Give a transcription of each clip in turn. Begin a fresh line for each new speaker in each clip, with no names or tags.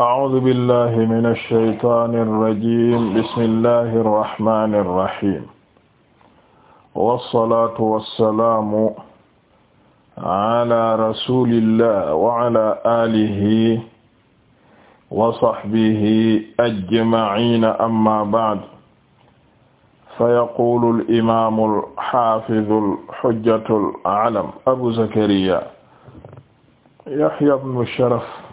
أعوذ بالله من الشيطان الرجيم بسم الله الرحمن الرحيم والصلاة والسلام على رسول الله وعلى آله وصحبه أجمعين أما بعد فيقول الإمام الحافظ الحجة العلم أبو زكريا يحيى بن الشرف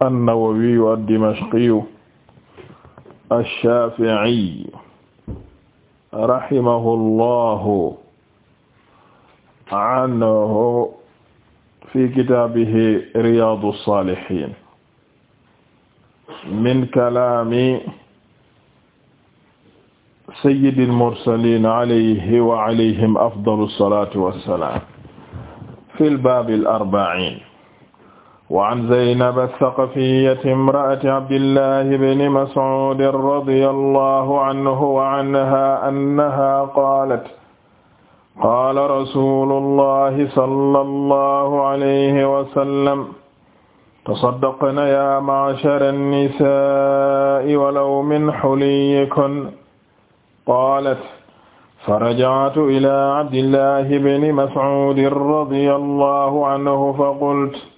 an-Nawawiyu ad-Dimashqiyu ash-Shaafi'iyu rahimahullahu anhu fi kitaabihi Riyaadu s-Saalihiin min kalaami sayyidil mursaliin alayhi wa alayhim afdalu s-salaatu wa s-salaam fil baabil arba'iin waan Zaynab as-Saqafiyyati imra'ati Abdillahi bni Mas'uud radiyallahu anhu wa anha annaha qaalat qaala rasuulullahi sallallahu alayhi wa sallam tasaddaqna yaa ma'shara an-nisaa'i walaw min huliyyikunna qaalat faraja'tu ilaa Abdillahi bni Mas'uud radiyallahu anhu faqultu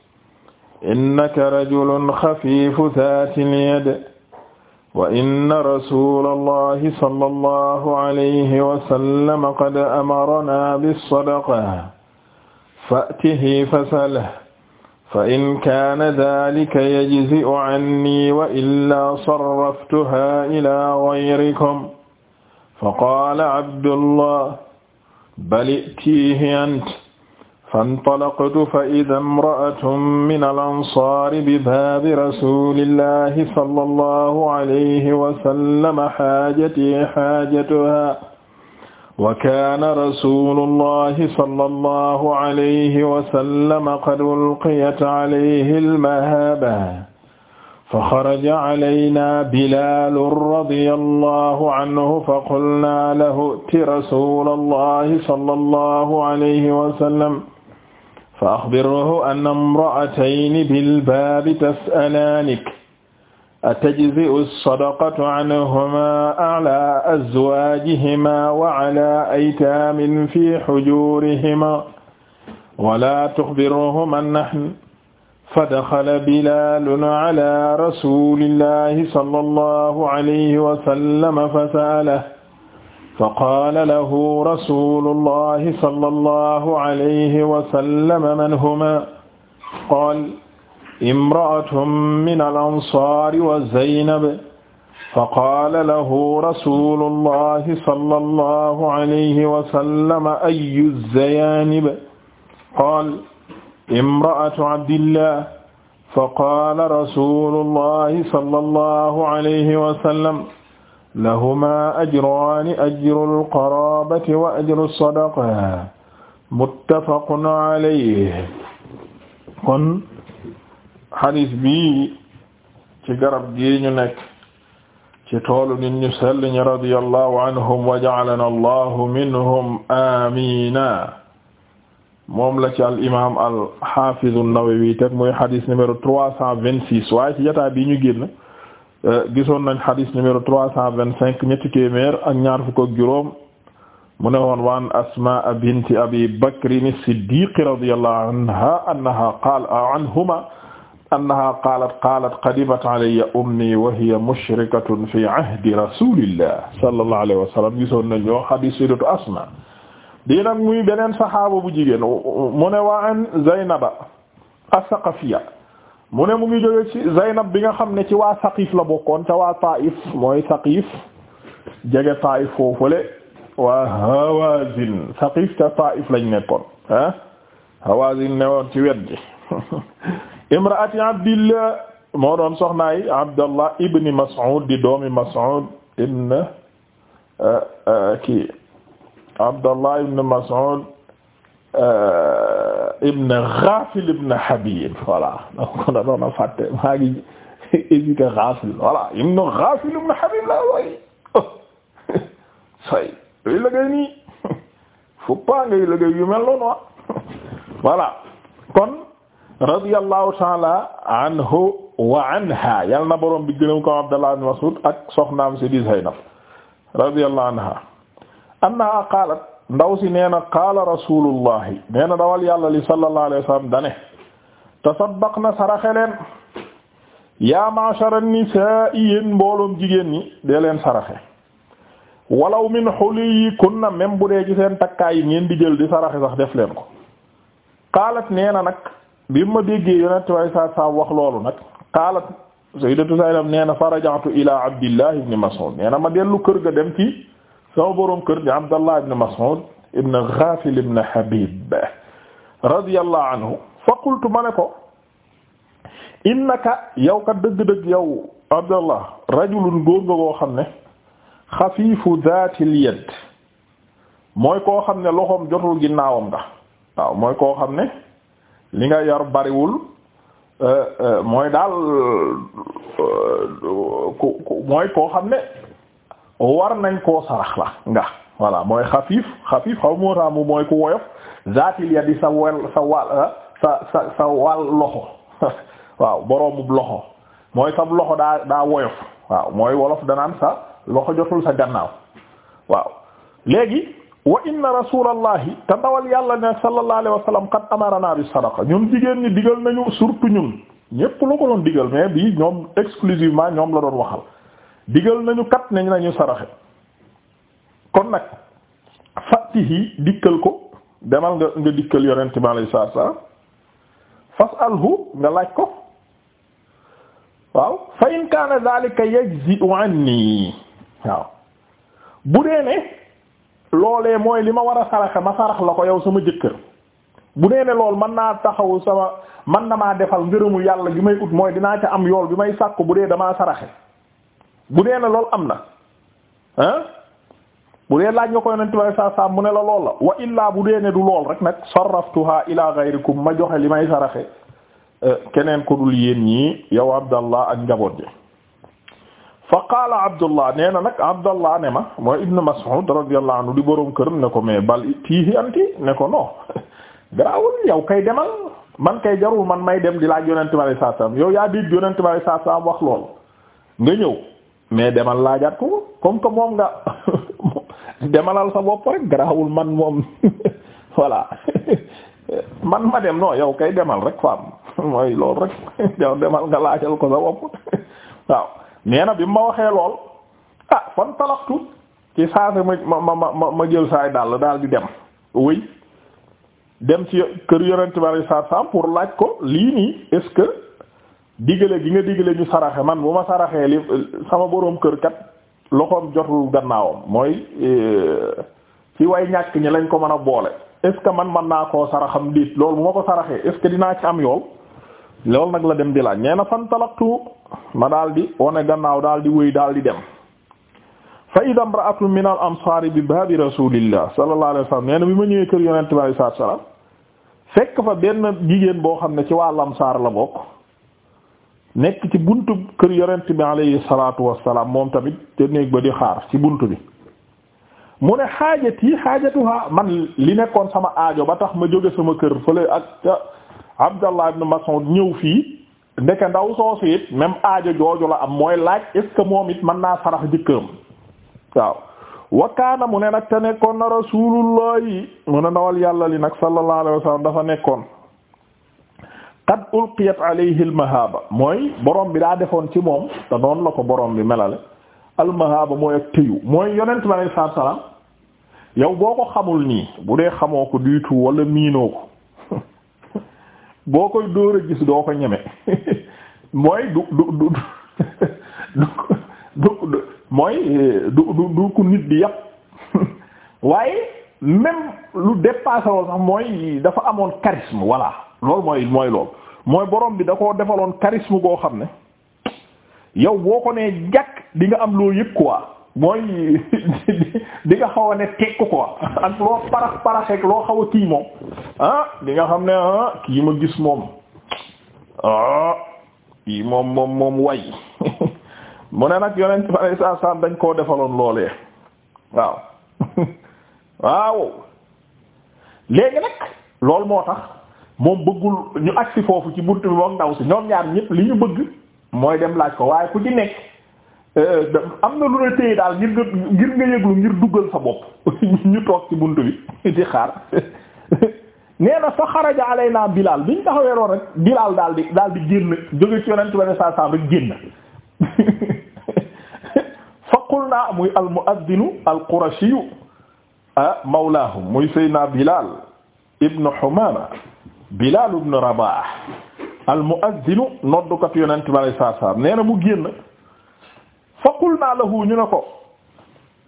innaka rajulun xafiifu zaatil yad wa inna rasuulallahi sallallahu alayhi wa sallam qad amaranaa bis-sadaqa fa'tihi fasalh fa in kaana daalika yajzi'u cannii wa illaa sarraftuhaa ilaa gayrikum fa qaala abdullah bal i'tiihi anta fantalaqtu fa ida imra'atun min al-ansaari bi baabi rasuulillahi sallallahu alayhi wa sallam haajatii haajatuhaa wa kaana rasuulullahi sallallahu alayhi wa sallam qad ulqiyat alayhi al-mahaaba fa xaraja alaynaa Bilaalun radiyallahu anhu fa qulnaa lahu a'ti rasuulallahi sallallahu alayhi wa sallam fa axbirhu anna imra'atayni bilbaabi tas'alaanik atajzi'u sadaqatu anhumaa alaa azwaajihimaa wa alaa aytaamin fii hujuurihimaa walaa tuxbirhum annahn fadaxala bilaalun alaa rasuulillaahi sallallaahu alayhi wa sallam fasa'alahu faqaala lahu rasulullahi sallallahu alayhi wa sallam man huma qaala imra'atun min al-ansaari wa Zaynab faqaala lahu rasulullahi sallallahu alayhi wa sallam ayyu zayaanib qaala imra'atu abdillah faqaala rasulullahi sallallahu alayhi wa sallam lahumaa ajraani ajrul qaraabati wa ajru sadaqa muttafaqun alayhi kon xadis bi ci garab gii ñu nekk ci toolu nit ñu sell ñi radiyallahu anhum wa ja'alana allahu minhum amiina moom la ci al imaam al xaafiz an-Nawawi teg muy xadis numéro trois cent vingt six waaye ci jotaay bi ñu génn Euh, gisoon nañ xadis numéro trois cent vingt-cinq ñetti téeméer ak ñaar fukk ak juróom mu ne woon waan asmaa binti abi bakrin as-siddiq radiyallahu anha annaha qaala anhuma annaha qaalat qaalat qadimat alayya ummi wa hiya mushrikatun fi ahdi rasulillah sallallahu alayhi wa sallam gisoon nañ ñoo xadis sayyidatu asma di nag muy beneen saxaaba bu jigéen mu ne wa an zaynaba as-saqafiyya mu ne mu ngi jóge ci Zaynab bi nga xam ne ci waa Saqif la bokkoon ca waa Taif mooy Saqif jege Taif foofule waa Hawazin Saqif ca Taif lañ nekkoon ah Hawazin newoon ci wet gi imraati Abdillah moo doon soxnaay Abdallah ibni Mas'ud di doomi Mas'ud ibn ah, ah, kii Abdallah ibn Mas'ud Euh, ibn Ghafil ibn Habib voilà donc da doon a fàtte maa ngi hésité Ghafil voilà ibn Ghafil ibn Habib la way say ah. kon radiyallahu ta'ala anhu wa yal na bi gënam ko Abdallah ibn Mas'ud ak soxnaam si di Zaynab radiyallahu anha annaha ndaw si nee na qaala rasulullahi nee na dawal yàlla li sallallahu alayhi wa sallam dane tasaddaqna saraxe leen yaa ma'shara nisaa'i mbooloom jigéen ñi dee leen saraxe walaw min huliyikunna même bu dee ci seen takkaay yi ngeen di jël di saraxe sax def leen ko qaalat nee na nag bi ma déggee yonent way saa saa wax loolu nag qaalat sayyidatu Zaynab nee na faraja'tu ila Abdillah ibn Mas'ud nee na ma dellu kër ga dem ci sama boroom kër di Abdallah ibn Mas'ud ibn Ghafil ibn Habib radiyallahu anhu fa qultu ma ne ko innaka yow kat dëgg-dëgg yow Abdallah rajulun góor nga koo xam ne xafiifu zaatil yad mooy koo xam ne loxoom jotul ginnaawam nga waaw mooy koo xam ne li nga yor bariwul euh, euh, mooy daal euh, ku ku mooy koo xam ne war nañ koo sarax la nga voilà mooy xafiif xafiif xaw moo taamu mooy ku woyof zaatil ya di sa wel sa wal ah, sa sa wal loxo waaw boroomub loxo mooy sa loxo daa daa woyof waaw mooy wolof danaan sa loxo jotul sa gannaaw waaw léegi wa inna rasulallahi te ndawal yàlla ne sallallahu alayhi wa sallam qad amarana bi sadaqa ñun jigéen ñi digal nañu surtout ñun ñépp la ko doon digal mais bi ñoom exclusivement ñoom la doon waxal digal nañu kat nañ nañu saraxe kon nag fatihi dikkal ko demal nga dikkal yonent bi alayhi salaatu salaam fasalhu laaj ko waaw fa in kaana dhalika yajzi'u anni waaw bu dee ne loolee mooy li ma war a saraxe ma sarax la ko yow sama jëkkër bu dee ne lool mën naa taxaw sama mën na maa defal ngërëmu yàlla gi may ut mooy dinaa ca am yool bi may sàkk bu dee damaa saraxe bu dee na lool am na ah bu dee laaj nga koy yonent bi saa mu ne la lool la wa illaa bu dee ne du lool rek nag sarraftuha ila ghayrikum ma joxe li may saraxe euh, keneen ku dul yéen ñi yow abdallah ak njaboot ji fa qaala abdullah nee na nag abdallah ne ma mooy ibnu mas'ud radiyallahu anhu di boroom këram ne ko mais bal tiihi anti ne ko non garaawul yow kay demal man kay jarul man may dem di laaj yonent bi saa saa yow yaa dégg yonent bi saa saam wax lool nga ñëw mais demal laajaat ko comme que moom nga demalal sa bopp rek garaawul man moom voilà man ma dem non yow kay demal rek faam mooy loolu rek yow demal nga laajal ko sa bopp waaw nee na bi ma waxee lool ah fan talaxtu ci saase ma ma ma ma jël saay dàll daal di dem wëy dem ci kër yonent bi sallallahu alayhi pour laaj ko lii nii est digale gi nga digale ñu saraxe man bu ma saraxee li sama boroom kër kat loxoom jotul gannaawam mooy e, ci waay ñàkk ñi lañ ko mën a boole est ce que man man naa koo saraxam diit loolu bu ma ko saraxee est dinaa ci am yool loolu nag la dem di laaj nee na fan talaktu ma daal di wane gannaaw daal di wéy daal di dem fa ida imra'atu min al ansari bi baabi rasulillah sallallahu alayhi wasallam nee na bi ma ñëwee kër yonente bi sallallahu alayhi wasallam fekk fa benn jigéen boo xam ne ci waa lamsaar la bokk nekk ci bunt kër yonent bi alayhi salaatu wassalaam moom tamit te néeg ba di xaar ci bunt bi mu ne xaajat yi xaajatuha man li nekkoon sama aajo ba tax ma jóge sama kër fële ak Abdallah ibn Mas'ud ñëw fii ndeke ndaw soosu it même aajo jooju la am mooy laaj est-ce que moom it mën naa sarax jëkkëram waaw wakkaana mu ne nag te nekkoon na rasuulullahi mu ne ndawal yàlla li nag sallallahu alayhi wasallam dafa nekkoon qad ulqiyat alayhi almahaba mooy borom bi daa defoon ci moom te noonu la ko borom bi melale almahaba mooy ak tëyu mooy yonent bi alayhi salaatu salaam yow boo ko xamul nii bu dee xamoo ko du tout wala miinoo ko boo koy dóor a gis doo ko ñeme mooy du du du du ku nit bi yàpp waaye même lu dépassé sax mooy dafa amoon charisme voilà lool mooy mooy lool mooy borom bi da koo defaloon charisme goo xam ne yow boo ko nee jàkk di nga am loo yëg quoi mooy di nga xaw a ne tekk quoi ak loo parax paraxeeg loo xaw a kii moom ah nga xam ne ah kii ma gis moom ah kii moom moom moom way mu ne nag yonent bi alayhi salaam dañ koo defaloon loolee waaw waaw léegi nag loolu moo tax. moom bëggul ñu agsi foofu ci bunt bi moom ndaw si ñoom ñaar ñëpp li ñu bëgg mooy dem laaj ko waaye ku ci nekk euh, am na lu la téye daal ngir nga ngir nga yëglu ngir duggal sa bopp ñu toog ci bunt bi di xaar nee na fa xaraja alaynaa Bilaal bi ñu taxawee roon rek Bilaal daal di daal di génn jóge ci yonent ba saa saa rek génn fa qulnaa muy al muaddinu al qurashiyu ah, mawlaahum muy Seydina Bilaal ibnu Humaama Bilaal ibn Rabaah al-mu'azzinu noddukatu yonent bi alayhi salaatu salaam mu génn fa qulnaa lahu ñu ne ko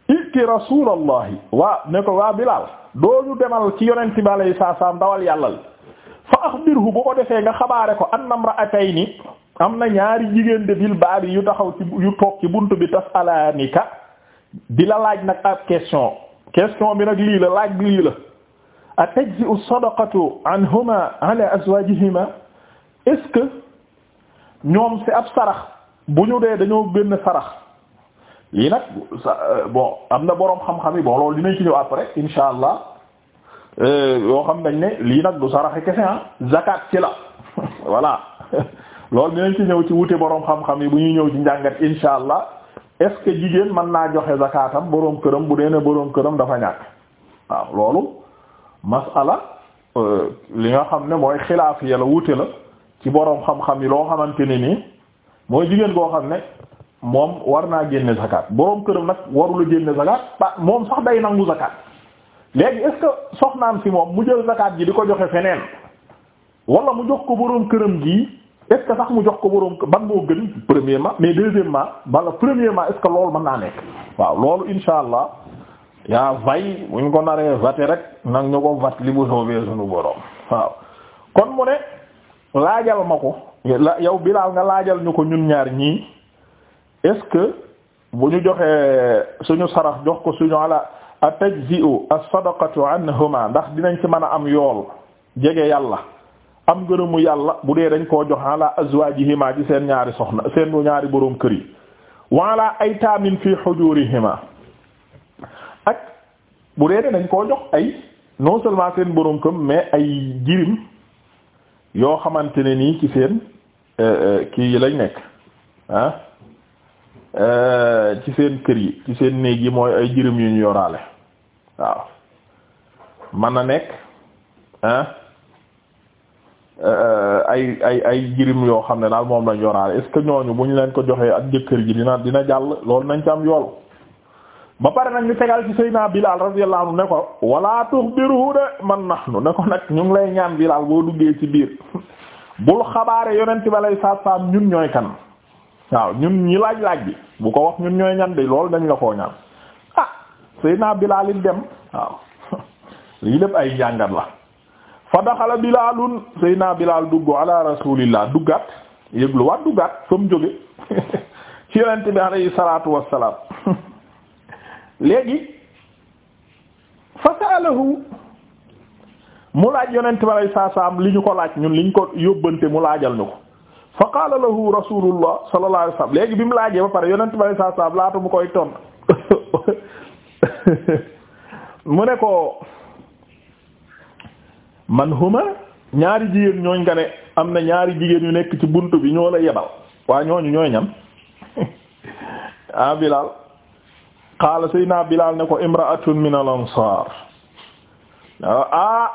itti rasuulallahi waa ne ko waa Bilaal doo ñu demal ci yonent bi alayhi salaatu salaam dawal yàlla la fa axbirhu bu ko defee nga xabaare ko anna imra'atayni am na ñaari jigéen de bil baabi yu taxaw ci yu toog ci buntu bi tas'alaanika di la laaj nag ab question question bi nag lii la laaj lii la atajzi'u sadaqatu anhuma ala azwajihima est-ce que ñoom c'est ab sarax bu ñu dee dañoo génn sarax lii nag euh, bo am na boroom xam-xam yi bon loolu dinañ ci ñëw après insha allah euh, yoo xam nañ ne lii nag du saraxe kese ah zakat ci la voilà loolu dinañ ci ñëw ci wute boroom xam-xam yi bu ñuy ñëw ci njàngat insha allah est jigéen man naa joxe zakatam boroom këram bu dee ne boroom këram dafa ñàkk waaw loolu. masala euh, li nga xam ne mooy xilaaf la wute la ci boroom xam-xam yi loo xamante ne nii mooy jigéen koo xam ne moom war naa génne zakat boroom këram nag warula génne zakat ba moom sax day nangu zakat léegi est ce que moom mu jël zakat ji di ko joxe feneen wala mu jox ko boroom këram gii est sax mu jox ko boroom ban moo gën premièrement mais deuxièmement bala premièrement est ce que loolu mën naa nekk waaw loolu insha allah yaa vay ñu ko naree vate rek nag ñu ko vat li bu soobee suñu borom waaw kon mu ne laajal ma ko yow bilaal nga laajal ñu ko ñun ñaar ñii est-ce que bu ñu joxee suñu sarax jox ko suñu ala a tajzi'u as-sadaqatu anhuma ndax dinañ ci mën a am yool jege yàlla am ngërëmu yàlla bu dee dañ koo jox ala azwajihima ci seen ñaari soxna seen ñaari boroom kër yi wa ala aytamin fi hujurihima ak bu dee nañ koo jox ay non seulement seen borom këm mais ay jirim yoo xamante ne nii ci seen euh, euh, kii yi lañ nekk ah euh, ci seen kër yi ci seen néeg yi mooy ay jirim yu ñu yoraale waaw man na nekk ah ay ay ay jirim yoo xam ne daal moom lañ yoraale est-ce que ñooñu bu ñu leen ko joxee ak jëkkër ji dina dina jàll loolu nañ ci am yool ba pare nag ñu tegal ci Seydina Bilal radiyallahu anhu ne ko wala tuxbirhu de man nahnu ne ko nag ñu ngi lay ñaan Bilal boo duggee ci biir bul xabaare yonent bi lay saat saam ñun ñooy kan waaw ñun ñi laaj laaj bi bu ko wax ñun ñooy ñan de loolu dañ la koo ñaan ah Seydina Bilal it dem waaw lii lépp ay njàngat la fa daxala Bilalun Seydina Bilal duggu ala rasulillah duggaat yëglu waat duggaat fa mu jóge ci yonent bi alayhi salaatu wassalaam léegi fasalahu mu laaj yonent bi alay saa li ñu ko laaj ñun li ñu ko yóbbante mu laajal ñu ko fa qaala lahu rasulullah sallallahu léegi bi mu laajee ba pare yonent bi alay saa saam laata mu koy ton mu ne ko man huma ñaari jigéen ñooñ nga ne am na ñaari jigéen yu nekk ci bunt bi ñoo la yebal waa ñooñu ñooy ñam ah Bilaal qaala sayna Bilaal ne ko imra'atun min al ansaar ah, ah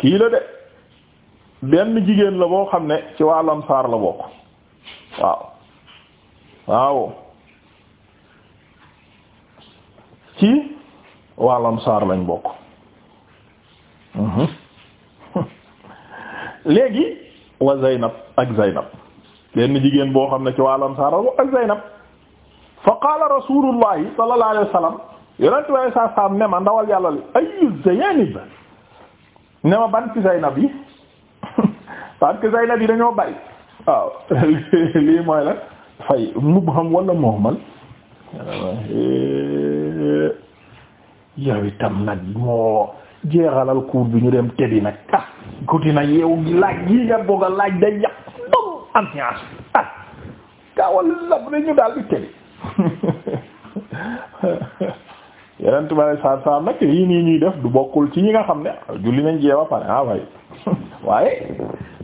kii la de benn jigéen la boo xam ne ci waa al la bokk waaw waaw ci waa al lañ bokk mhm. léegi wa Zaynab ak Zaynab benn jigéen boo xam ne ci waa al la bokk ak Zaynab fa qaala rasulullahi sallallahu alayhi wa ne ma ndawal yàlla li ayu zayanib ne ma ban ci yi parce que zaynab yi dañoo bari waaw lii mooy la fay mubham wala muhmal yow itam nag moo jeexalal kuur bi ñu dem tëddi nag ah kuti yi nga bëgg a laaj day yàq dom ambiance ah gaawal lab ne daal di tëddi yeneen tubaab yi saa saa nag yii nii ñuy def du bokkul ci ñi nga xam ne julli nañ jeewa pare ah waaye waaye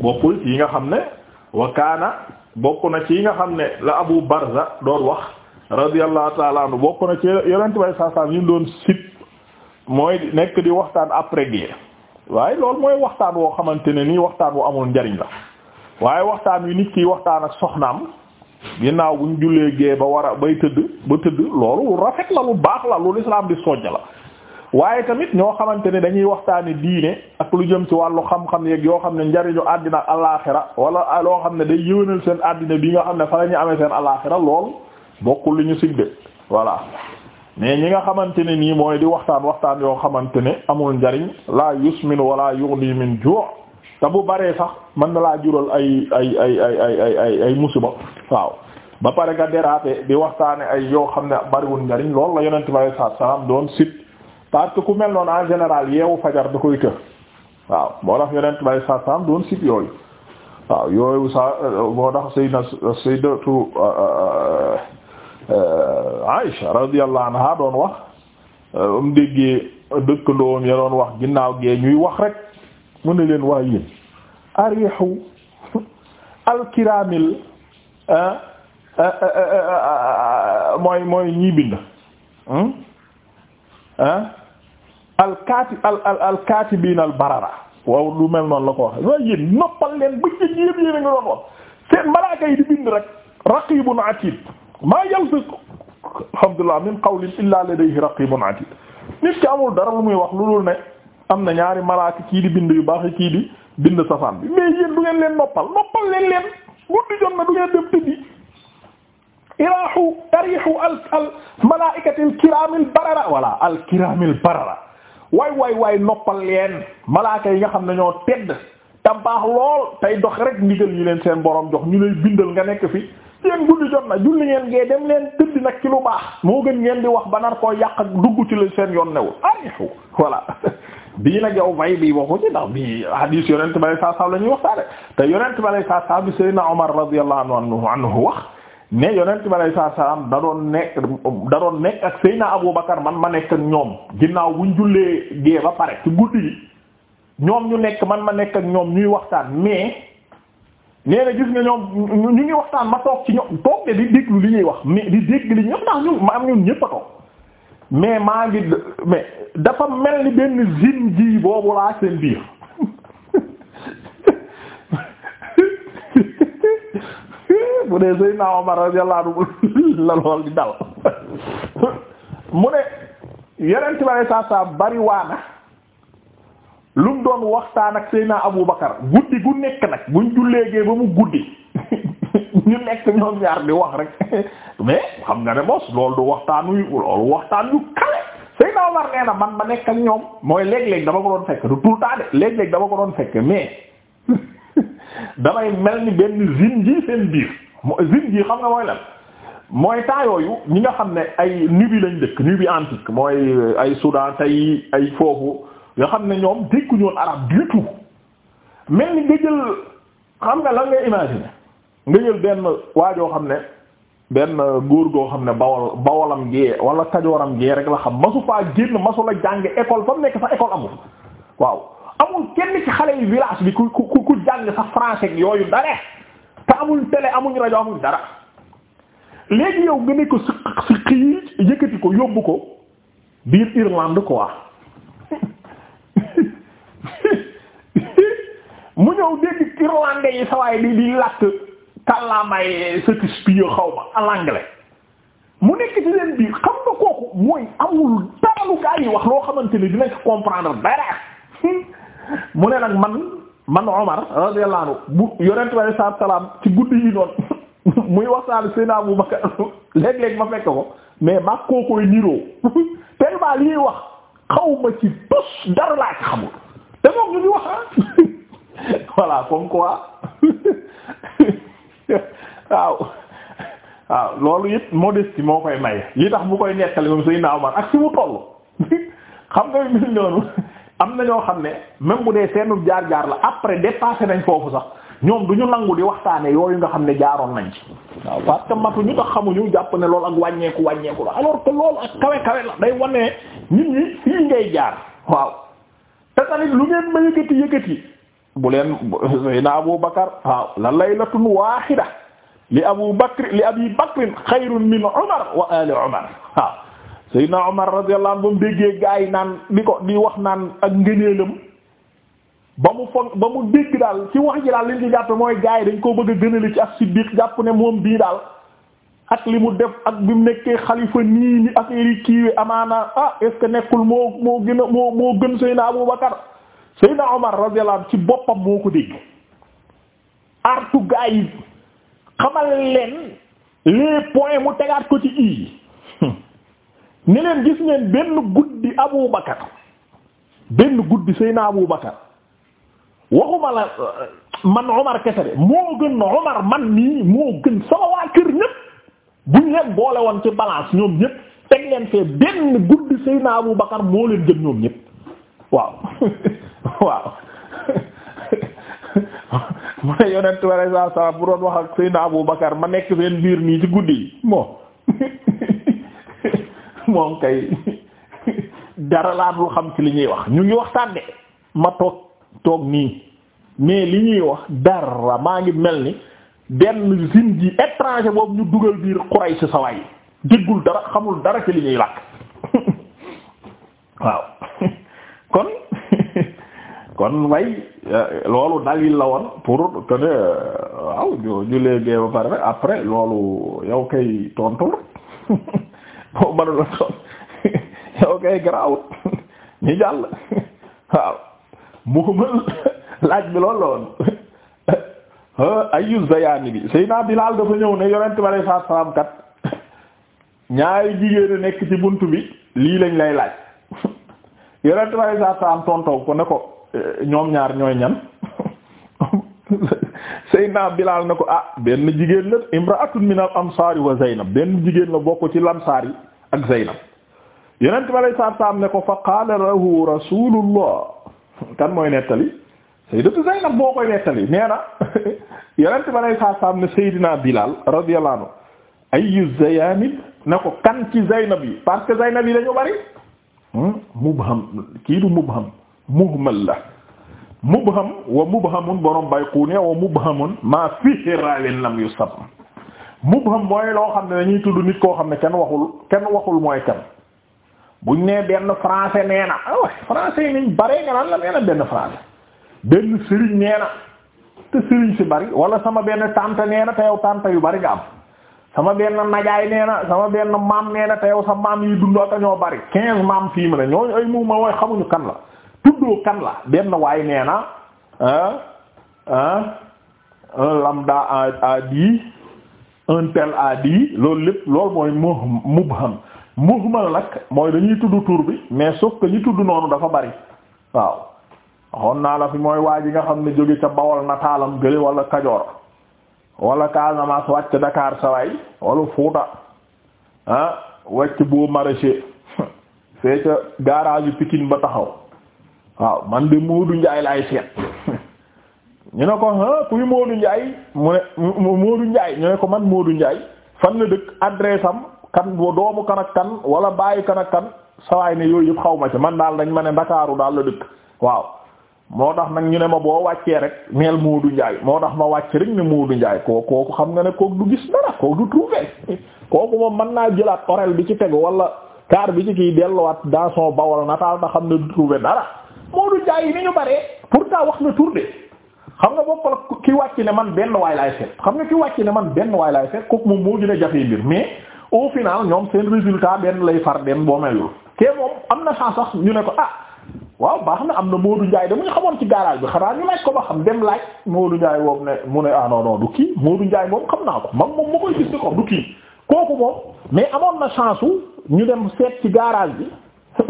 bokkul ci yi nga xam ne wakaana bokk na ci yi nga xam ne la Abu Barza doon wax radiyallahu ta'ala anhu bokk na ci yeneen tubaab yi saa saa ñu doon sip mooy nekk di waxtaan après guerre waaye loolu mooy waxtaan woo xamante ne nii waxtaan wu amul njariñ la waaye waxtaan wi nit ki waxtaan ak soxnaam. ginnaaw bu ñu jullee gee ba war a bay tëdd ba tëdd loolu rafet la lu baax la lu lislaam di sojja la waaye tamit ñoo xamante ne dañuy waxtaani diine ak lu jëm ci wàllu xam-xam yeeg yoo xam ne njariñu àddina ak alaaxira wala loo xam ne day yëwénal seen àddina bi nga xam ne fa la ñu amee seen alaaxira loolu bokkul li ñu sigde voilà mais ñi nga xamante ne nii mooy di waxtaan waxtaan yoo xamante ne amul njariñ la yusmin wala yughni min ju' te bu baree sax mën na laa jural ay ay ay ay ay ay ay ay musiba waaw ba pare nga déraper di waxtaane ay yoo xam ne bariwul njariñ loolu la yonent bi alayhi salaam doon sit parce que ku mel noonu en général yeewu fajar da koy tër waaw moo tax yonent bi alayhi salaatu salaam doon sit yooyu waaw yooyu sa moo tax sayyidina sayyidatu euh, euh, euh, Aïsha radiyallahu anha doon wax mu déggee dëkkandoom ya doon wax ginnaaw gee ñuy wax rek mu ne leen waa yéen arihu alkiramil ah, ah, ah, mooy mooy ñii bind hmm? alkaati al barara waaw lu mel non la ko wax waa yéen noppal leen bëccëg yépp yéen a ngi doon wax seen malaaka yi di bind rek raqibun maa yalfiqu alhamdulillah min qawlin illa ladayhi raqibun atid nit ki amul dara lu muy wax lu dul ne am na ñaari malaaka kii di bind yu baax kii di bind safaan bi mais yéen du ngeen leen noppal noppal leen leen guddi jot na du ngeen dem tëddi iraaxu waay waay waay malaaka yi xam ne ñoo tedd te baax dox rek ndigal yi leen seen borom jox ñu lay bindal nga nekk fi yéen guddi jot na julli ngeen gee dem leen tëdd nag ci lu baax moo gën ngeen di wax ba nar koo yàq ak dugg ci la seen yoon newul ariixu voilà bii nag yow vay bi waxu ci ndax bii hadis yonent balay saa saa la ñuy waxtaane te yonent balay saa saa bi Seydina Omar radiyallahu anhu anhu wax ne yonent bi alayhi salaam da doon nekk da doon nekk ak Seydina Abu Bakar man ma nekk ak ñoom ginnaaw buñ jullee gée ba pare ci guddi gi ñoom ñu nekk man ma nekk ak ñoom ñuy waxtaan mais nee na gis nga ñoom ñu waxtaan ma toog ci ñoom toog de di déglu li ñuy wax mais di dégg li ñëpp ndax ñu ma am ñun ñëpp a toog mais maa ngi mais dafa mel ni benn zine ji boobu laa seen biir bu dee Seydina Omar radiyallahu anhu la lool di dal mu ne yeneen tubaab saa saa bari lu mu doon waxtaan ak Seydina Abu Bakar guddi gu nekk nag buñ jullee gee ba mu guddi. ñu nekk ñoom ñaar di wax rek mais xam nga ne bos loolu du waxtaan yu waxtaan yu kale Seydina Omar nee na man ma nekk ak ñoom mooy léeg-léeg dama ko doon fekk du tout le de léeg-léeg dama ko doon fekk mais damay mel ni benn zine ji seen biir zine xam nga mooy lan mooy temps yooyu ñi nga xam ne ay Nubie lañ dëkk Nubie antique mooy ay Soudan tey ay foofu nga xam ne ñoom dégguñu woon arabe du tout mel ni nga jël xam nga lan ngay imaginer nga jël benn waajoo xam ne benn góor goo xam ne bawal bawalam gee wala tajooram gee rek la xam masu faa génn masu la jàng école fa mu nekk sax école amul waaw amul kenn ci xale yi village bi ku ku ku jàng sax français yooyu dare te amul télé amuñ rajo amul dara léegi yow nga ne ko si si xii yëkkati ko yóbbu ko biir Irlande quoi mu ñëw dégg Irlandais yi sawaay di di làkk kàllaamay Shakespeare xaw ma l'anglais mu nekk ci leen biir xam nga kooku mooy amul dara lu gaa yi wax loo xamante ni dina ko comprendre dara mu ne nag man man Omar radiyallahu anhu bu yonent bi alayhi salaam ci guddi yi noonu muy waxtaan Seydina Abu Bakar léeg-léeg ma fekk ko mais ma koo koy niroo tellement lii wax xaw ma ci tos dara laa ci xamul te moom ñu ngi wax ah voilà comme quoi. waaw waaw loolu it modestie moo koy may li tax bu koy nettali moom Seydina Omar ak si mu toll xam nga mil noonu am na ñoo xam ne même bu dee seenub jaar-jaar la après dépassé nañ foofu sax ñoom du ñu nangu di waxtaane yooyu nga xam ne jaaroon nañ ci waaw parce que matu ñu tax xamuñu jàpp ne loolu ak wàññeeku wàññeeku la alors que loolu ak kawe kawe la day wane nit ñi fii ngay jaar waaw te tamit lu ngeen ma yëkkati yëkkati bu leen sayna Abu Bakar waaw la laylatun wahida li Abu Bakr li Abi Bakr xayrun min Umar wa Umar waaw sayna Umar radiyallahu anhu ba mu déggee wax ak ngëneelam ba mu foog mu dégg daal ci wax ji daal liñ ci jàpp mooy gaa yi dañ koo bëgg a gënale ci as-Siddiq jàpp ne moom bii daal ak li mu def ak bi mu nekkee xalifa nii ni affaire yi kiiwe amaana ah est ce nekkul moo moo gën a Abu Bakar Seydina Omar radiyallahu ci boppam moo ko dégg artu gaa xamal leen les points mu tegaat ko ci i ne leen gis ngeen benn guddi Abu Bakar benn guddi Seydina Abu Bakar waxuma la euh, man Omar kese de moo gën Omar man nii moo gën sama waa kër ñépp buñ leen boole woon ci balance ñoom ñépp teg leen fee benn guddi Seydina Abu Bakar moo leen gën ñoom ñépp waaw waaw mu ne yonent ware saa saa bu doon wax ak Seydina Abu Bakar ma nekk seen biir nii ci guddi yi moom moom kay dara laa dul xam ci li ñuy wax ñu ngi waxtaan de ma toog toog nii mais li ñuy wax dara maa ngi mel ni benn zim ji étranger boobu ñu dugal biir Quraysh sa waay déggul dara xamul dara ci li ñuy làkk waaw kon way euh, loolu dalil la woon pour que ne euh, waaw julee gee ba pare après loolu yow kay tontu boo mënu la toon yow kay garawut ñu jàll waaw muumal laaj bi loolu la woon ayu zayaani bi Seydina Bilaal dafa ñëw ne yonent bi saa salaam kat ñaari jigéen nekk ci bunt bi lii lañ lay laaj yonent bi saa salaam tontoo ko ne ko ñoom ñaar ñooy ñan Seyna Bilaal na ko ah benn jigéen la imra'atun min al-ansaar wa Zeynab benn jigéen la bokk ci lansaar yi ak Zeynab yonent bi alayhi salaatu salaam ne ko fa qaala lahu rasuulullah kan mooy nettali sayyidatu Zeynab boo koy nettali nee na yonent bi alayhi salaatu salaam ne Seydina Bilaal radiyallahu anhu ayyu zayaanib ne ko kan ci Zeynab yi parce que Zeynab yi dañu bari hmm? mubham kii du mubham muhmal la mubham wa mubhamun borom bayquniya wa mubhamun maa fihi raawin lam yusam mubham mooy loo xam ne dañuy tudd nit koo xam ne kenn waxul kenn waxul mooy kan buñ ne benn français nee na ah français bare nga naan la nee benn français benn sëriñ nee na te sëriñ si bari wala sama benn tànt nee na te yow tante yu bari nga am sama benn najaay nee sama benn maam nee na te yaw sa maam yi dund ak ñoo bari quinze maam fii mu ne ñooñu ay muuma xamuñu kan la tuddoo kan la benn waay nee na ah ah un lambda a a tel a dit loolu lépp loolu mooy mu mubham muhmal nag mooy dañuy tudd tuur bi mais sauf que ñu tudd noonu dafa bari waaw waxoon naa la fi mooy waa ji nga xam ne jóge ca Bawol nataalam gële wala Kajoor wala Casamance wàcc Dakar saway wala Fuuta ah wàcc boo maraîcher c'est que garage yu ba taxaw waaw man de Moodu Njaay laay seet ñu ne ko ah kuy Moodu Njaay mu ne Moodu Njaay ñu ne ko man Moodu Njaay fan la dëkk adresse am kan doomu kan ak kan wala baayu kan ak kan sawaay ne yooyu yëpp xaw ma ci man daal dañ ma ne ndakaaru daal la dëkk waaw moo tax nag ñu ne ma boo wàccee rek neel du Njaay moo tax ma wàcc rek ne Moodu Njaay koo kooku xam nga ne kooku du gis dara kooku du trouver kooku moom mën naa jëlaat orel bi ci tegu wala kaar bi ci kiy delluwaat dans son bawol nataal na xam ne du trouver dara Modou Ndiaye yi ni ñu baree pourtant wax na tur de xam nga bopp la ki wàcc ne man benn waay laay seet xam nga ki wàcc ne man benn waay laay seet kooku moom moo gën a jafee mbir mais au final seen résultat benn lay far dem boo melul te am na chance sax ñu ne ko ah waaw baax na am na Modou Ndiaye de xamoon ci garage bi xanaa ko ba xam dem laaj Modou Ndiaye woom ne mu ne ah, du kii Modou Ndiaye moom xam naa ko ma koy gis ko du kii kooku mais amoon na chance ñu dem seet ci garage bi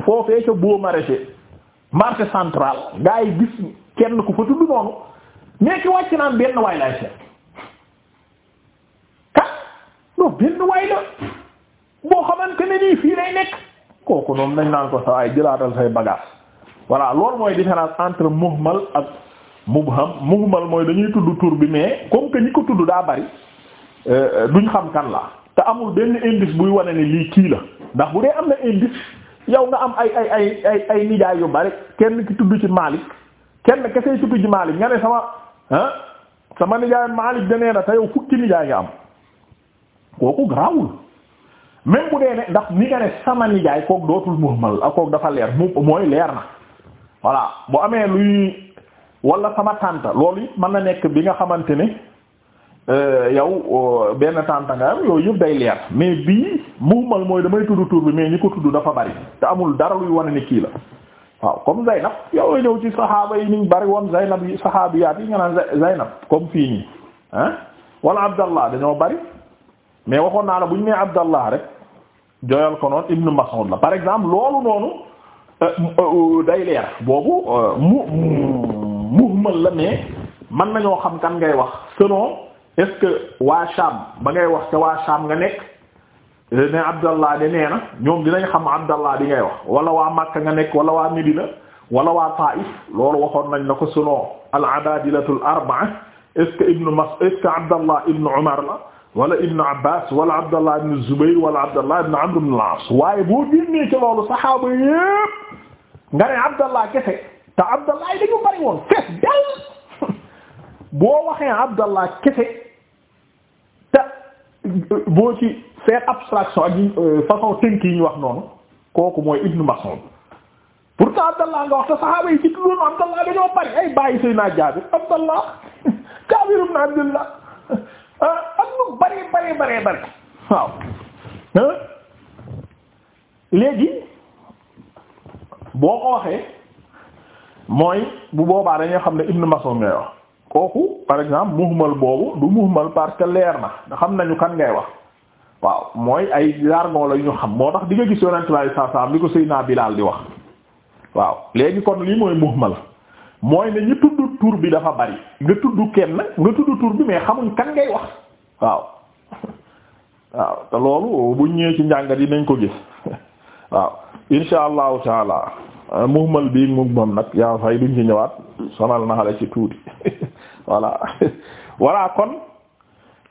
foofee ca boo maraîcher marché central gaa yi gis kenn ku fa tudd noonu mais ki wàcc naan benn waay laay seet kat non benn waay la boo xamante ne nii fii lay nekk kooku noonu nañ naan ko sa ay jëlaatal say bagage voilà loolu mooy différence entre muhmal ak mubham muhmal mooy dañuy tudd tur bi mais comme que ñi ko tudd daa bari euh, duñ xam kan la te amul benn indice buy wane ne lii kii la ndax bu dee am na indice yow nga am ay ay ay ay ay nijaay yu bari kenn ki tudd ci Malik kenn kese tudd ci Malik nga ne sama ah sama nijaay Malik da nee na te yow fukki nijaay nga am kooku garaawul même bu dee ne ndax mi nga ne sama nijaay kook dootul muhamal ak ah, kook dafa leer mu mooy leer na voilà bu amee luy walla sama tànt loolu it mën na nekk bi nga xamante ne Euh, yow euh, benn tàntanga yooyu yëpp day leer mais bii mumal mooy damay tudd tur bi mais ñi ko tudd dafa bari te amul dara luy wane ni kii la waaw comme Zaynab yow la ñëw ci saxaaba yi niñ bari woon Zaynab yi saxaabiyaat yi nga naan Zaynab comme fii nii ah wala Abdallah dañoo bari mais waxoon naa la bu ñu nee Abdallah rek joyal ko noonu Ibnu Mas'ud la par exemple loolu noonu euh, day leer boobu mu la mais mën nañoo xam kan ngay wax selon. est ce waa Sham ba ngay wax waa Sham nga nekk ne Abdallah de nee na ñoom dinañ xam Abdallah bi ngay wax wala waa Makka nga nekk wala waa Medina wala waa Taif loolu waxoon nañ la ko selon al abadilatu al arba'a est Abdallah ibnu Umar la wala ibnu Abbas wala Abdallah ibnu Zubayr wala Abdallah ibnu Amr ibn al-As waaye boo génnee ci loolu saxaaba nga ne Abdallah kese te Abdallah yi dañu bari woon fees dal boo waxee Abdallah kese boo ci faire abstraction ak euh, façon tënk yi ñu wax noonu kooku mooy Ibnu Mas'ud pourtant Abdallah nga wax te saxaaba yi ci tuddoon Abdallah dañoo bari ay bàyyi Seydina Jaabir Abdallah Jaabir ibn Abdallah ah, am nu bari bari bari bari waaw ah. léegi boo ko waxee mooy bu boobaa dañoo xam ne Ibnu Mas'ud ngay wax booku par exemple muhmal boobu du muhmal parce que leer na da xam nañu kan ngay wax waaw mooy ay largon la ñu xam moo tax di nga gis yonent bi alayhi salaam li ko Seydina Bilaal di wax waaw léegi kon lii mooy muhmal mooy ne ñu tudd tur bi dafa bari nga tudd kenn nga tudd tur bi mais xamuñ kan ngay wax waaw waaw te loolu bu ñëwee ci njàngat yi nañ ko gis waaw insha allahu taala Euh, muhmal bii mugmam nag yaa fay duñ ci ñëwaat sonal na xale tuuti voilà voilà kon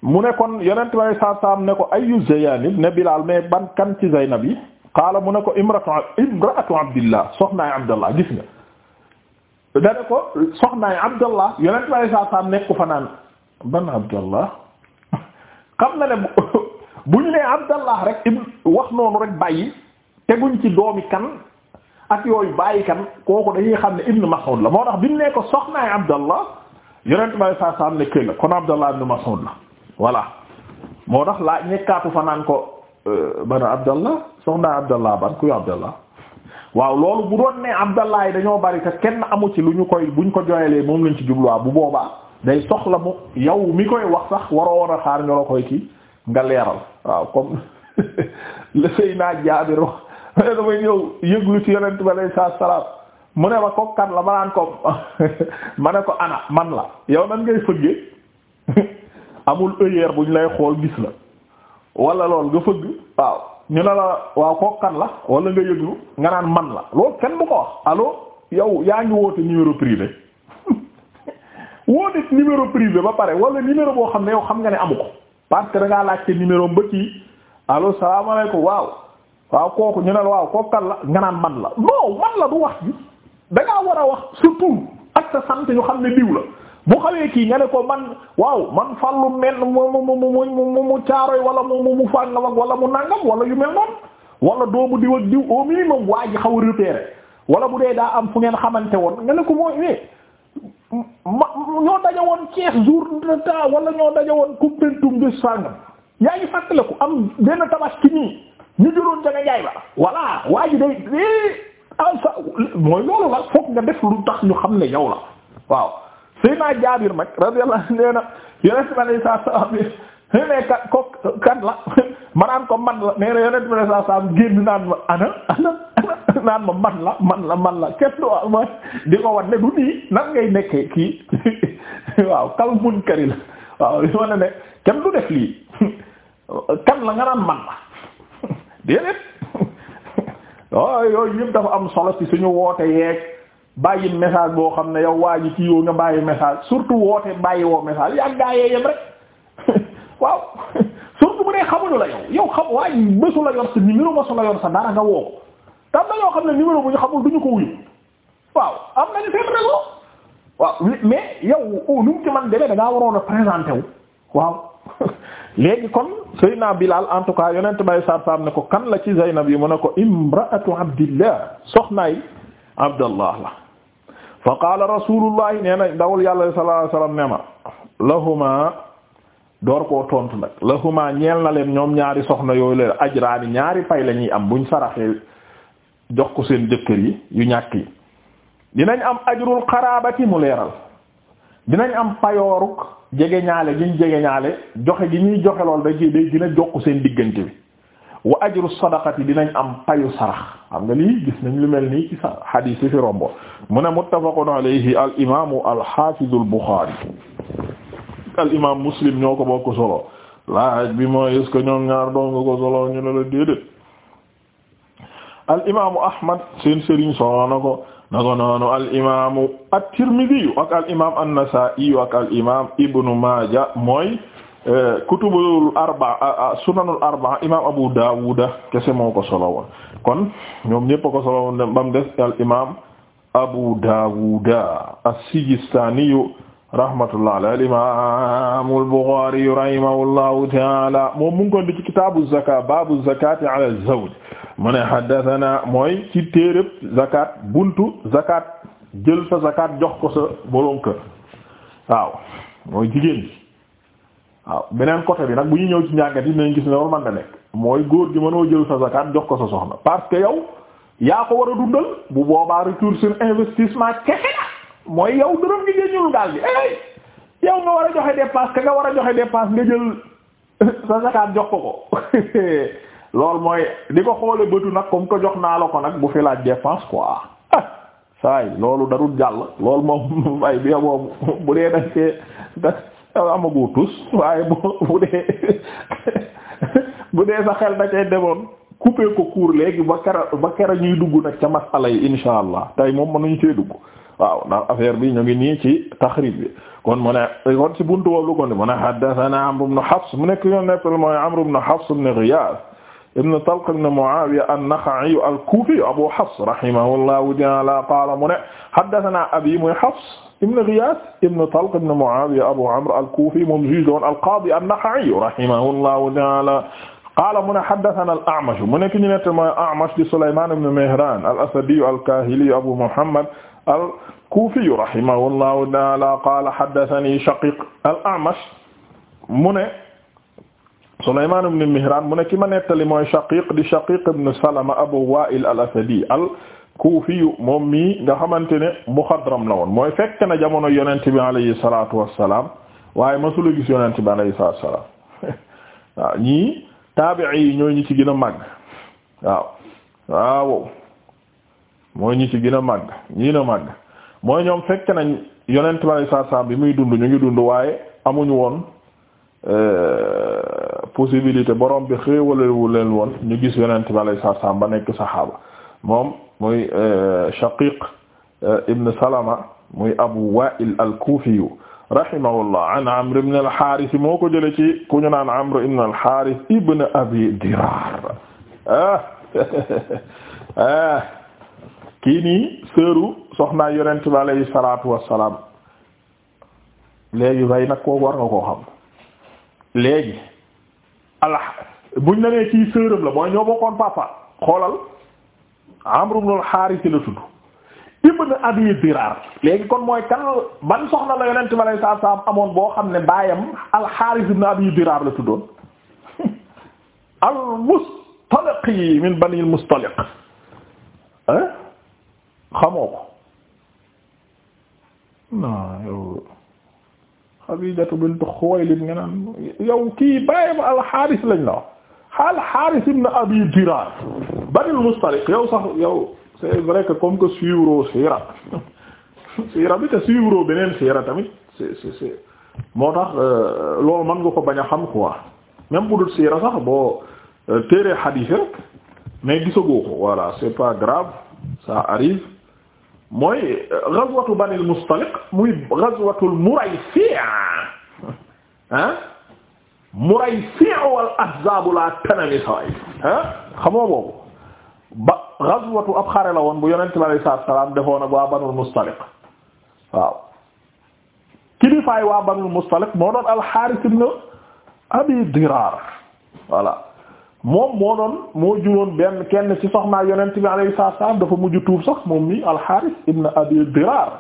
mu ne kon yonent bay saa saam ne ko ayu zayanib ne Bilaal mais ban kan ci Zaynab yi qaala mu ne ko imratu imraatu Abdillah soxnaay Abdallah gis nga da ne ko soxnaay Abdallah yonent bay saa saam nekku fanaan ban Abdallah xam na ne bu ñu nee Abdallah rek ibn wax noonu rek bàyyi teguñ ci doomi kan ak yooyu bàyyi kan kooku dañuy xam ne Ibn Mas'ud la moo tax bi mu ne ko soxnaay Abdallah yonent may saa saa am ne këy la kon Abdallah Ibn Mas'ud la voilà moo tax laa ñekkaatu fa naan ko euh, bana Abdallah soxnaay Abdallah ban kuy Abdallah waaw loolu bu doon ne Abdallah yi dañoo bari kenn amu ci lu ñu koy buñ ko joyelee moom lañ ci jubluwaa bu boobaa day soxla mu yow mi koy wax sax waroo war a xaar ñoo koy kii nga leeral waaw comme le Seyna Jaabir wax ne damay yow yëglu ci yonent bi alayhi salaam mu ne ma ko la ma naan ko ma ne ko ana man la yow nan ngay fëggee amul œillère bu ñu lay xool gis la walla lool nga fëgg waaw ñu ne la waaw ko la wala nga yëglu nga naan man la loolu kenn bu ko wax allo yow yaa ngi woote numéro privé woote numéro privé ba pare wala numéro boo xam ne yow xam nga ne amu ko parce que da ngaa laajte numéro mbëkk yi allo salaamaaleykum waaw. waaw kooku ñu ne la waaw kooku kan la nga naan man la non man la du wax bi da ngaa war a wax surtout ak sa sant ñu xam ne diw la bu xawee kii nga ne ko man waaw man fàllu mel mu mu mu mu mu caaroy wala mu mu mu fàngam ak wala mu nangam wala yu mel noonu wala doomu diw ak diw au minimum waa ji xaw a repérer wala bu dee daa am fu ngeen xamante woon nga ne ko mooy eh ma ñoo daje woon Thiès jour de temps wala ñoo daje woon Koumpentoum de sangam yaa ngi fàttaliku am benn tabaski nii. ñu jëloon da nga jaay ba voilà waa day mooy loolu la fokk nga def lu tax ñu xam ne yow la waaw Seydina Jaabir nag radiyallahu anhu nee na yonent ne ka ko kan man la génn naan ma ana ana naan ma man la man la man la kenn du ma di ko wan ne du nii nan ngay nekkee kii waaw kal munkari la waaw li ma ne kenn du def lii kan la nga naan man la déedéet waaw oh, yooyu yëpp dafa am solo ci suñu woote yeeg bàyyi message boo xam ne yow waa ji ci nga bàyyi message surtout woote bàyyi woo message yaa gaayee yem rek waaw surtout bu dee xamuñu la yow yow xam waa ji la yor sa numéro mësu la yor sa dara nga woo ko tam na xam ne numéro bu ñu xamul duñu ko wuyu waaw am nañu seen réseau waaw mais yow oh, nu mu ci man demee da waroon a présenté wu waaw léegi kon Seydina Bilal en tout cas yonent bay saab-saab ne ko kan la ci Zaynab yi mu ne ko imraatu Abdillah soxnaay Abdallah la fa qaala rasulullahi nee na ndawul yàlla sallallahu alayhi wasallam ne ma lahuma door koo tontu nag lahuma ñeel na leen ñoom ñaari soxna yooyu leen ajraani ñaari pay la ñuy am buñ saraxee jox ko seen jëkkër yi yu ñàkk yi dinañ am ajrul xaraabati mu leeral dinañ am payooruk jegeñaale gi ñu jege ñaale joxe gi ñuy joxe lool day day gën jokk seen diggante bi wa ajru sadaqati dinañ am payu sarax xam nga lii gis nañ lu mel nii ci sa xadiis yi fi rombo mu ne muttafaqun alayhi al imaamu al xaafizu al buxaari al imaam muslim ñoo ko bokk solo laaj bi mooy est-ce ñoom ñaar doon ko solo ñu ne la déedéet al imaamu Ahmad seen sëriñ ko naka al imaamu al imaam al imaam eh, Abu Dawud kese moo ko solo woon kon ñoom ko solo woon ba mu des al imaam Abu Dawud as-Sijistani rahmatullah alayhi al imaam al-Bukhari rahimahullahu ta'ala moom mu ngi ko ci kitaabu zakat zakati ala az-zawj mu ne haddathana mooy ci téereb zakat buntu zakat jël sa zakat jox ko sa borom kër mooy jigéen bi waaw beneen côté bi nag bu ñu ñëw ci njàngat yi nañ gis ne man da nekk mooy góor gi mënoo jël sa zakat jox ko sa soxna parce que yow yaa ko war a bu boobaa retour sur mooy yow dërëm gi jëñul gaal bi ey eh, yow nga a war a joxe dépense nga jël sa jox ko ko loolu mooy di ko xoole bëtu nag comme ko jox naa la ko nag bu fi laaj dépense quoi ah, saay loolu darul jàll loolu moom way bi moom bu dee dañ see da amagu tus waaye bu dee bu dee sa xel da cay demoon couper ko kuur léegi ba kera ba kera ñuy dugg nag ca masala yi insha allah tey moom mënuñu cee dugg waaw ndax affaire bi ñu ngi nii ci taxrib bi kon mu ne kon ci buntu woowu lu ko ni mu ne haddathana Amr ibn Hafs mu nekk yoon nekkal mooy Amr na Hafs ibn Ghiyath ibn Talq ibn Mu'awiya an-Nakha'i al-Kufi Abu Hafs rahimahullahu ta'ala qaala mu ne haddathana abi muy Hafs ibn Ghiyath ibn Talq ibn Mu'awiya Abu Amr al-Kufi moom juge doon al-Qadi an-Nakha'i rahimahullahu ta'ala qaala mu ne haddathana al-A'mash mu nekk ñu nett mooy A'mash di Sulayman ibn Mihran al-Asadi al-Kahili Abu Muhammad al-Kufi rahimahullahu ta'ala qaala haddathani Shaqiq al-A'mash mu ne Sulaymaan ibn Mihraan mu ne ki ma nettali mooy Shaqiq di Shaqiq ibn Salama Abu Waa'il al-Asadi al-Kuufi moom mii nga xamante ne muxadram la woon mooy fekk na jamono yonent bi alayhi salaatu wassalaam waaye masula gis yonent bi alayhi salaatu wassalaam waaw ñii taabi'i yi ñooy ñi ci gën a màgg waaw waaw mooy ñi ci gën a màgg ñii na màgg mooy ñoom fekk nañ yonent bi alayhi salaatu wassalaam bi muy dund ñu ngi dund waaye amuñu woon euh, possibilité borom bi xéewalewu leen woon ñu gis yonent bi alayhi salaam ba nekk saxaaba moom muy euh, Shaqiq euh, ibn Salama muy Abu Wa'il al-Kufi rahimahullah an Amr ibn al-Harith moo ko jëlee ci ku ñu naan Amr ibn Abi Dirar ah ah kii nii seeru soxnaa yonent bi alayhi salaatu wassalaam léegi bay nag kooku war nga xam léegi. al buñ la nee kii sërëm la mooy ñoo bokkoon papa xoolal Amr ibn al-Harith la tudd ibn Abi Dirar léegi kon mooy kan ban soxna la yonent bi alayhi salaam amoon boo xam ne baayam al-Harith ibn Abi Dirar la tuddoon al-Mustaliqi min bani al-Mustaliq eh? xamoo ko non yow. Xadiijatu bintu Xuwaylid nga naan yow kii bàyyam alxaaris lañ la wax alxaaris ibn Abi Diraar Banil Mustaliq yow sax yow c'est vrai que comme que suivre siira siira bi te suivre beneen siira tamit c'est c'est moo tax euh, loolu mën nga ko bañ a xam quoi même bu dul siira sax boo euh, téeree xadiis rek mais gisagoo ko voilà c'est pas grave ça arrive. mooy euh, ghazwatu banil mustaliq muy ghazwatul muraysi' ah muraysi' wal ahzaabu laa tanami saway ah xamoo boobu ba ghazwatu ab xare la woon bu yonent bi alayhi salaatu wa salaam defoon ak waa banul mustaliq waaw kilifaay waa banul mustaliq moo doon al Haaris ibn Abi Diraar voilà moom moo doon moo juróon benn kenn ci soxnaa yonent bi alayhi saam dafa mujj tuub sax moom mi alxaaris ibn abi diraar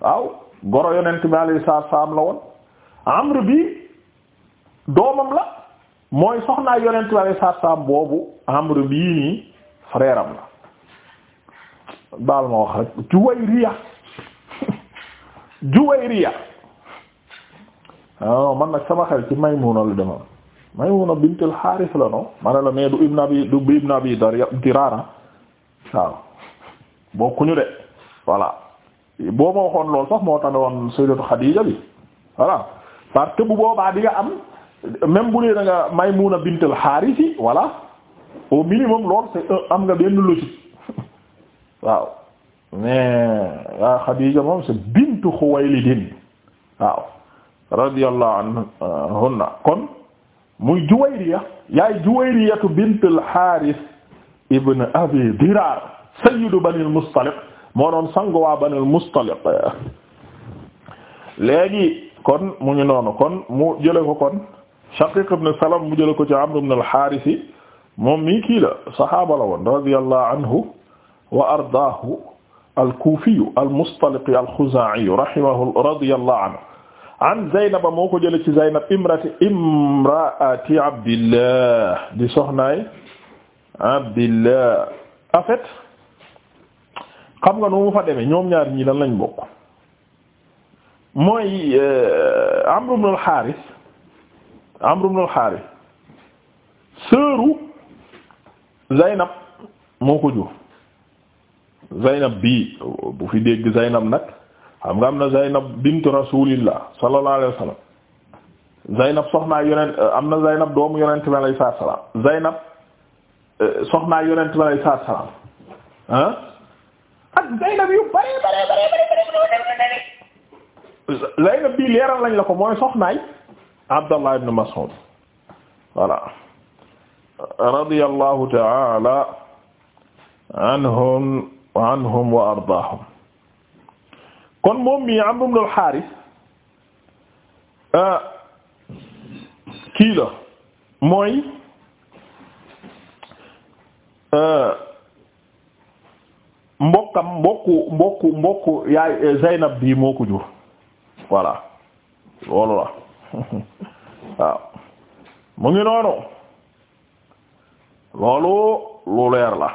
waaw goro yonent bi alayhi salaam la woon amr bi doomam la mooy soxnaa yonent bi alayhi salaam boobu amr bii nii frère la baal ma wax rek Juwayriya Juwayriya waaw ah, man nag sama xel ci Maymuna la demoon Maymuna bint al-Harith la no ma ne la mais du ibn abi du bi ibn abi Diraara waaw bokkuñu de voilà boo ma waxoon lool sax moo tax ne woon Sayyidatu Xadiija bi voilà parce que bu boobaa di nga am même bu dee da nga Maymuna bint al-Harith yi voilà minimum lool c'est am nga benn logique waaw mais yaa Xadiija moom c'est bintu Xuwaylid waaw radiyallahu anhunna kon muy Juwayriya yaay Juwayriyatu bint al-Haaris ibn Abi Diraar sayyidu Bani al-Mustaliq moo doon sangu waa Bani al-Mustaliq léegi kon mu ngi noonu kon mu jële ko kon Shaqiq ibn Salam mu jële ko ci Amr ibn al-Haaris moom mii kii la saxaaba la woon radiyallahu anhu wa ardaahu al-Kuufi al-Mustaliqi al-Xuzaa'i rahimahu radiyallahu anhu an Zaynaba moo ko jëlee ci Zaynab imrati imraati Abdillah di soxnaay Abdillah en fait nga nu fa demee ñoom ñaar ñii lan lañ bokk mooy euh, Amr ibn al-Harith Amr ibn al-Harith sëru Zaynab moo ko jur Zaynab bii bu fi dégg Zaynab nag. xam nga am na Zaynab bint rasulillah sallallahu alayhi euh, am na Zaynab doomu yonent bi alayhi salaatu salaam Zaynab euh, soxnaa yonent bi alayhi salaatu salaam ah ak Zaynab yu bari bari bari bari Zaynab bii leeral la ko mooy soxnaay Abdallah ibn Mas'ud voilà radiyallahu ta'ala anhum wa anhum kon moom mii Amr ibn al-Harith euh, kii la mooy euh, mbokkam mbokku mbokku mbokku yaay euh, Zaynab bii moo ko jur voilà loolu la waaw mu ngi noonu loolu lu leer la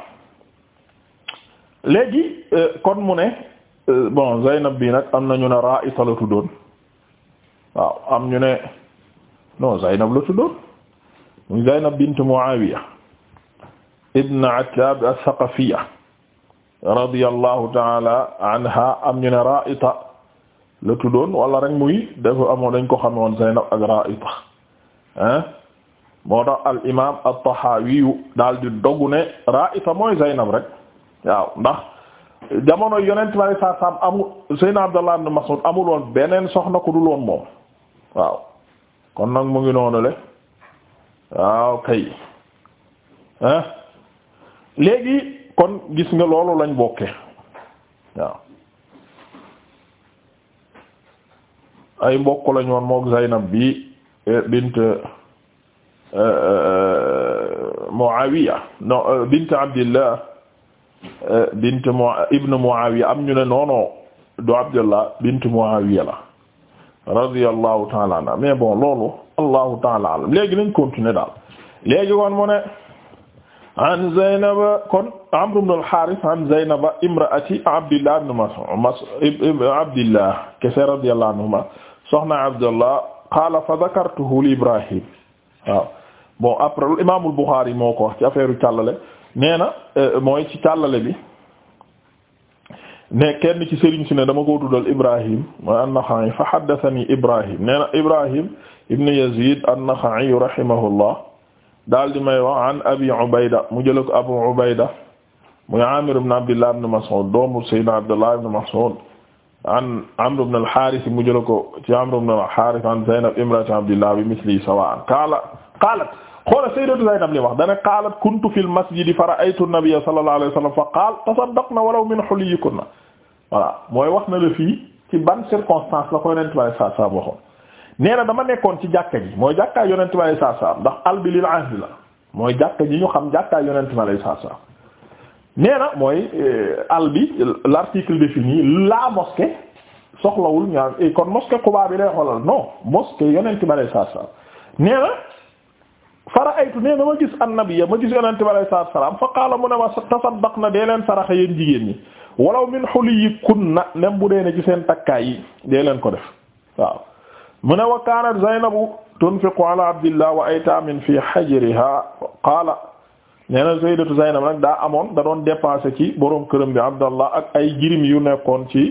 léegi kon mu ne Euh, bon Zaynab bi nag am na ñu ne Raa'ita la tuddoon waaw am ñu ne non Zaynab la tuddoon muy Zaynab bint Muawiya ibn Attab as-Saqafiya radiyallahu ta'ala anha am ñu ne Raa'ita la tuddoon wala rek muy dafa amoon dañ ko xamoon Zaynab ak Raa'ita ah moo tax al imaam at-Tahawi daal di dogu ne Raa'ita mooy Zaynab rek waaw ndax. jamono yonent ma ne saa saam amul Seydina Abdallah ibn Mas'ud amul beneen soxna ku dul moom waaw kon nag mu ngi noonu le waaw kay ah léegi kon gis nga loolu lañ bokke waaw ay mbokk lañ woon mook Zaynab bi eh, bint eh, eh, Muawiya no bint Abdillah Euh, bint mu ibn Muawiya am ñu ne noono du Abdullah bint Muawiya la radiyallahu taala anha mais bon loolu allahu taala alam léegi nañ continuer daal léegi kon mu ne an Zaynaba kon Amr ibn al-Harith an Zaynaba imraati Abdillah ibn Mas'ud Abdillah kese radiyallahu anhuma soxna Abdullah qaala fa dhakartuhu li Ibrahim waaw bon après Imam al-Bukhari moo ko wax ci affaire càllale nee na euh, mooy ci tàllale bi ne kenn ci sëriñ si ne dama ko tuddal Ibrahim mooy an-Naxa'i fa haddathani Ibrahim nee na Ibrahim ibn Yazid an-Naxa'i rahimahullah daal di may wax an Abi Ubayda mu jël ko Abu Ubayda muy Amir ibn Abdullah ibn Mas'ud doomu Sayyidina Abdullah ibn Mas'ud an Amr ibn al-Harith mu jël ko ci Amr ibn al-Harith an Zaynab imra'at Abdullah bi misli sawa'an qaala xoola sayyidatu Zaynab li wax dana qaalat kuntu fil masjidi fa ra'aytu nabiyya sallallahu alayhi wa sallam fa qaala tasaddaqna walaw min huliyyikunna voilà mooy wax na la fii ci ban circonstance la ko yonent bi alayhi salaatu salaam waxoon dama nekkoon ci jàkka ji mooy jàkkaay yonent bi alayhi salaatu ndax albi lil ahdi la mooy jàkka ji ñu xam jàkkaay yonent bi alayhi salaatu salaam nee na mooy eh, albi l'article défini la mosquée soxlawul ñaan eh, kon mosquée Quba bi lay xoolal non mosquée yonent bi alayhi salaatu salaam fara'aytu nee na ma gis annabiya ma gis yonente bi alayhi salaatu wa salaam fa qaala mu ne ma tasaddaqna dee leen saraxa yéen jigéen ñi walaw min huliyikunna nem bu dee ne ci seen takkaay yi dee leen ko def waaw mu ne wa kaanat Zaynabu tunfiqu ala Abdillah wa aytaamin fi hajriha qaala nee na sayyidatu Zaynab nag daa amoon da doon dépensé ci borom këram bi Abdallah ak ay jirim yu nekkoon ci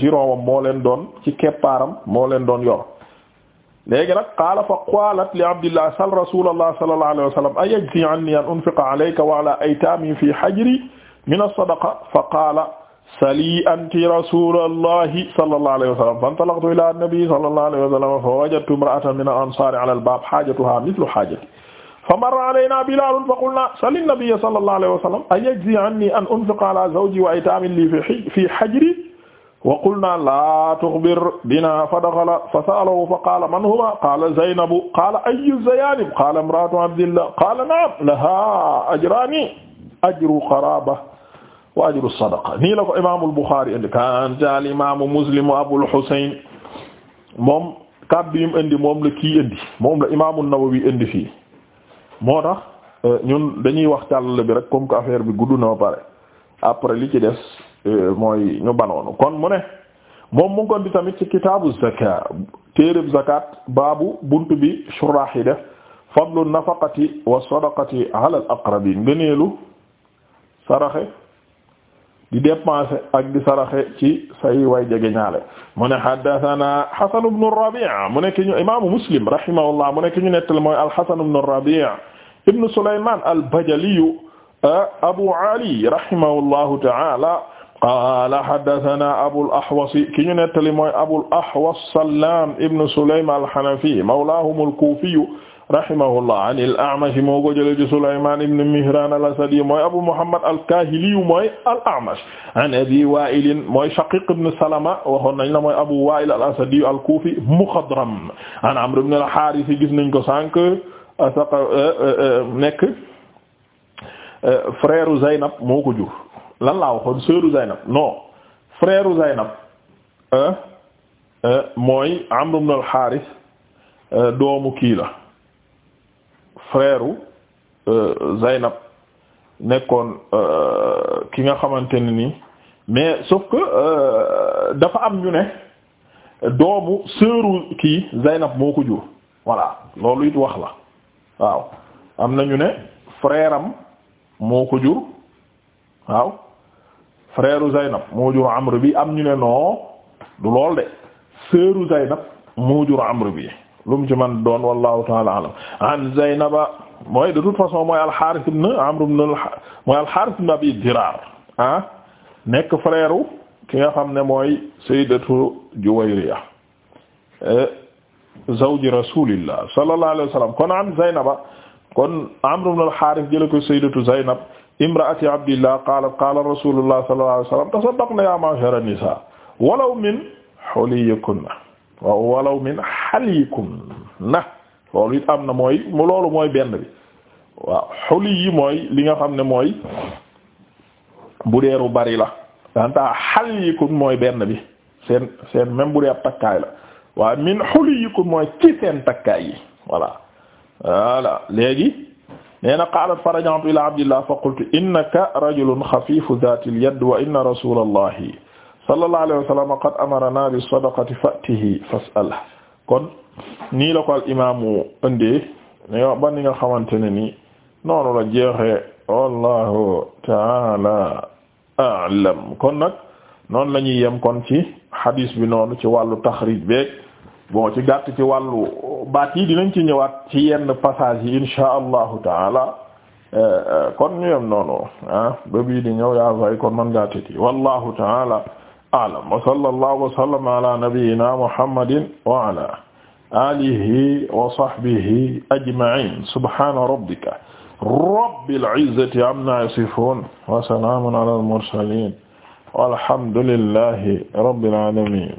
giron wam moo leen doon ci keppaaram moo leen doon yor léegi nag qaala fa qaalat li abdillah sal rasulallah sallallahu alayhi wa sallam ayajzi anni an unfiqa alayka wa ala aytaami fi hajri min as-sadaqa fa qaala sali anti rasulallahi sallallahu alayhi wa sallam fantalaqtu ila an-nabi sallallahu alayhi wa sallam fa wajadtu imra'atan min al-ansari ala al-bab hajatuha mithlu hajati fa marra alayna Bilaal fa qulna sali an-nabi sallallahu alayhi wa sallam ayajzi anni an unfiqa ala zawji wa aytaami li fi hajri wa qulna la tukhbir bina fa dakhala fa sa'alahu fa qala man huma qala Zaynab qala ayyu zayanib qala imra'atu Abdillah qala na'am laha ajrani ajru qaraba wa ajru sadaqa nii la ko imam al-Bukhari indi kan jal imam Muslim Abul Husayn moom kàddu yim indi moom la kii indi moom la imam an-Nawawi indi fii moo tax eh, ñun dañuy wax càll bi rek comme que affaire bi gudd na ba pare après li ci des Euh, mooy ñu banoonu kon mu ne moom mu bi kon di tamit ci kitaabu zakat téereb zakat baabu buntu bi shuraax yi def fadlu nafaqati wa sadaqati ala al aqrabin ngëneelu saraxe di dépenser ak di saraxe ci say way jege ñaale mu ne haddathana Hasan ibn Rabi' mu ne ki ñu imaamu Muslim rahimahullah mu ne ki ñu al-Hasan ibn Rabi' ibn Sulayman al-Bajali ah, Abu Ali rahimahullahu ta'ala qaala haddasanaa Abul Ahwas ki ñu nettali mooy Abul Ahwas Sallaam ibn Sulaym al-Hanafi mawlaahum al-Kuufi rahimahullah an al-A'mash moo ko jëlee ci Sulaymaan ibn Mihraan al-Asadi mooy Abu Muhammad al-Kaahili mooy al-A'mash an Abi Waa'il mooy Shaqiiq ibn Salama waxoon nañ la mooy Abu Waa'il al-Asadi al-Kuufi mukhadram an Amr ibn al-Haaris gis nañ ko sànq nekk frère Zaynab moo ko jur. lan laa waxoon sœuru Zaynab freeru frère Zaynab euh, euh, mooy Amr ibn euh, doomu kii la frère Zaynab nekkoon ki nga xamante ne nii mais sauf que dafa am ñu ne doomu sœuru kii Zaynab moo ko jur voilà loolu it wax la waaw am na ñu ne frère am moo ko jur waaw frère Zaynab moo jur Amr bi am ñu ne noo du lool de sœur Zaynab moo jur Amr bi lu mu ci man doon wallahu ta'ala alam an Zaynaba mooy de toute façon mooy al-Harith ibn Amr ibn mooy Abi Dirar ah nekk frère ki nga xam ne mooy sayyidatu Juwayriya eh, zawji rasulillah sallallahu alayhi wa sallam kon an Zaynaba kon Amr ibn al-Harith jële ko sayyidatu Zaynab imraati abdillah qaalat qaala rasulullah sallallahu alayhi wasallam tasaddaqna ya ma'shara nisa walaw min huliyikunna wa walaw min haliyikunna loolu it am na mooy mu loolu mooy benn bi waaw xuli yi mooy li nga xam ne mooy bu deeru bari la danta xalyikun mooy benn bi seen seen même bu dee takkaay la waaye min xuli mooy ci seen takkaay yi voilà voilà nee na qaalat faraja'tu ila abdillah fa qultu innaka rajulun xafiifu zaati al-yad wa inna rasulallahi sallallahu alayhi wa sallam qad amarana bis-sadaqati fa'tihi fas'alhu kon nii la ko al imaamu ëndee ba ni nga xamante ne nii noonu la jeexee wallahu taala a'lam kon nag noonu la ñuy yem kon ci hadis bi noonu ci wàllu taxriij beek bon ci gàtt ci wàllu baat yi dinañ ci ñëwaat ci yenn passage yi insha allahu taala eh, eh, kon ñu yem noonu ah ba bii di ñëw yaa fay kon man ngaa tëti wallahu taala a'lam wa sallallahu wa sallama ala nabiyyina muhammadin wa ala alihi wa sahbihi ajma'in subhana rabbika rabbil izzati amma yasifun wa salamun ala al mursalin walhamdulillahi rabbil alamin